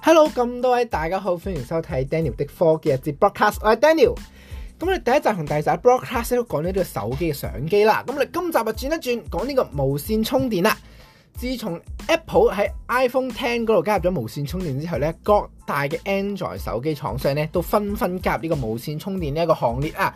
hello，咁多位大家好，歡迎收睇 Daniel 的科技日節 broadcast，我係 Daniel。咁我哋第一集同第二集 broadcast 都講呢個手機嘅相機啦，咁我哋今集就轉一轉，講呢個無線充電啦。自從 Apple 喺 iPhone Ten 嗰度加入咗無線充電之後呢。大嘅 Android 手機廠商咧都紛紛加入呢個無線充電呢一個行列啊！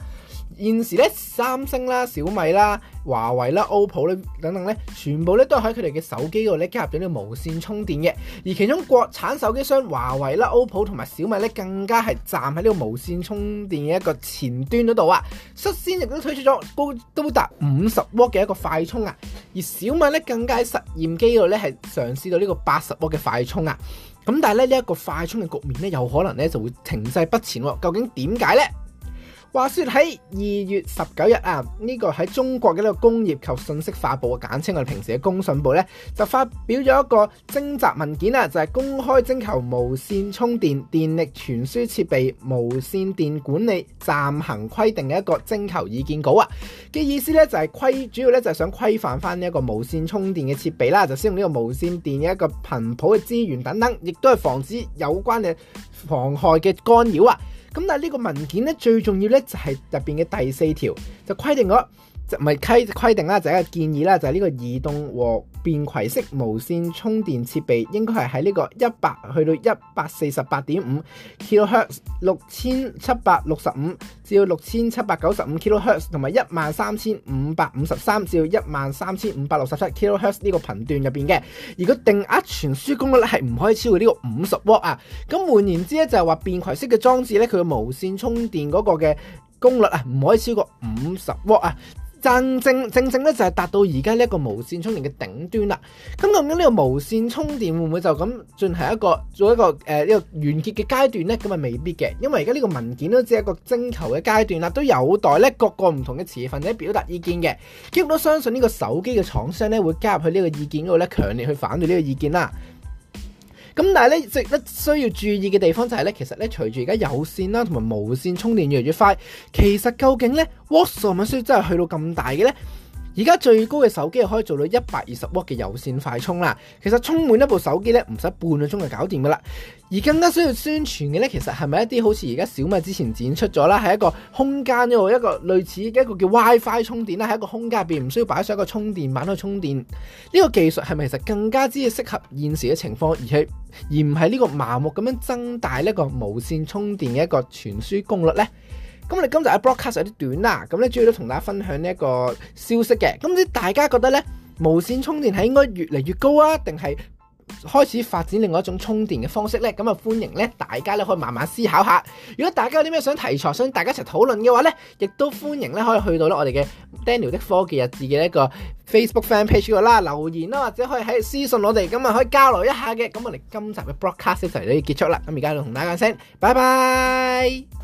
現時咧，三星啦、小米啦、華為啦、OPPO 咧等等咧，全部咧都喺佢哋嘅手機度咧加入咗呢個無線充電嘅。而其中國產手機商華為啦、OPPO 同埋小米咧，更加係站喺呢個無線充電嘅一個前端嗰度啊！率先亦都推出咗高高達五十瓦嘅一個快充啊！而小米咧更加喺實驗機度咧係嘗試到呢個八十瓦嘅快充啊！咁但係咧呢一個快充嘅局面呢，有可能呢就會停滯不前喎。究竟點解呢？話說喺二月十九日啊，呢個喺中國嘅呢個工業及信息化部，簡稱我哋平時嘅工信部呢就發表咗一個徵集文件啦，就係公開徵求無線充電電力傳輸設備無線電管理暫行規定嘅一個徵求意見稿啊。嘅意思呢，就係規，主要呢，就係想規範翻呢一個無線充電嘅設備啦，就使用呢個無線電嘅一個頻譜嘅資源等等，亦都係防止有關嘅妨害嘅干擾啊。咁但係呢個文件咧，最重要咧，就係入邊嘅第四條，就規定咗。就唔係規定啦，就係一個建議啦。就係、是、呢個移動和便攜式無線充電設備應該係喺呢個一百去到一百四十八點五 kilohertz 六千七百六十五至到六千七百九十五 kilohertz 同埋一萬三千五百五十三至到一萬三千五百六十七 kilohertz 呢個頻段入邊嘅。而個定額傳輸功率咧係唔可以超過呢個五十瓦啊。咁換言之咧就係話便攜式嘅裝置咧，佢嘅無線充電嗰個嘅功率啊，唔可以超過五十瓦啊。正正正正咧，就係達到而家呢一個無線充電嘅頂端啦。咁究竟呢個無線充電會唔會就咁進行一個做一個呢、呃、個完結嘅階段呢？咁啊未必嘅，因為而家呢個文件都只係一個徵求嘅階段啦，都有待咧各個唔同嘅持份者表達意見嘅。亦都相信呢個手機嘅廠商咧會加入去呢個意見嗰度咧，強烈去反對呢個意見啦。咁但係咧，最需要注意嘅地方就係、是、咧，其實咧，隨住而家有線啦同埋無線充電越嚟越快，其實究竟咧，wattage 需要真係去到咁大嘅咧？而家最高嘅手機係可以做到一百二十瓦嘅有線快充啦。其實充滿一部手機咧，唔使半個鐘就搞掂噶啦。而更加需要宣傳嘅咧，其實係咪一啲好似而家小米之前展出咗啦，係一個空間一,一個類似嘅一個叫 WiFi 充電啦，喺一個空間入邊唔需要擺上一個充電板去充電。呢個技術係咪其實更加之適合現時嘅情況，而去？而唔係呢個麻木咁樣增大呢個無線充電嘅一個傳輸功率呢。咁你今集嘅 broadcast 有啲短啦，咁咧主要都同大家分享呢一個消息嘅。咁唔知大家覺得咧，無線充電係應該越嚟越高啊，定係開始發展另外一種充電嘅方式咧？咁啊，歡迎咧大家咧可以慢慢思考一下。如果大家有啲咩想題材想大家一齊討論嘅話咧，亦都歡迎咧可以去到我哋嘅 Daniel 的科技日誌嘅一個 Facebook fan page 度啦，留言啦，或者可以喺私信我哋，咁啊可以交流一下嘅。咁我哋今集嘅 broadcast 就嚟到結束啦。咁而家同大家講聲，拜拜。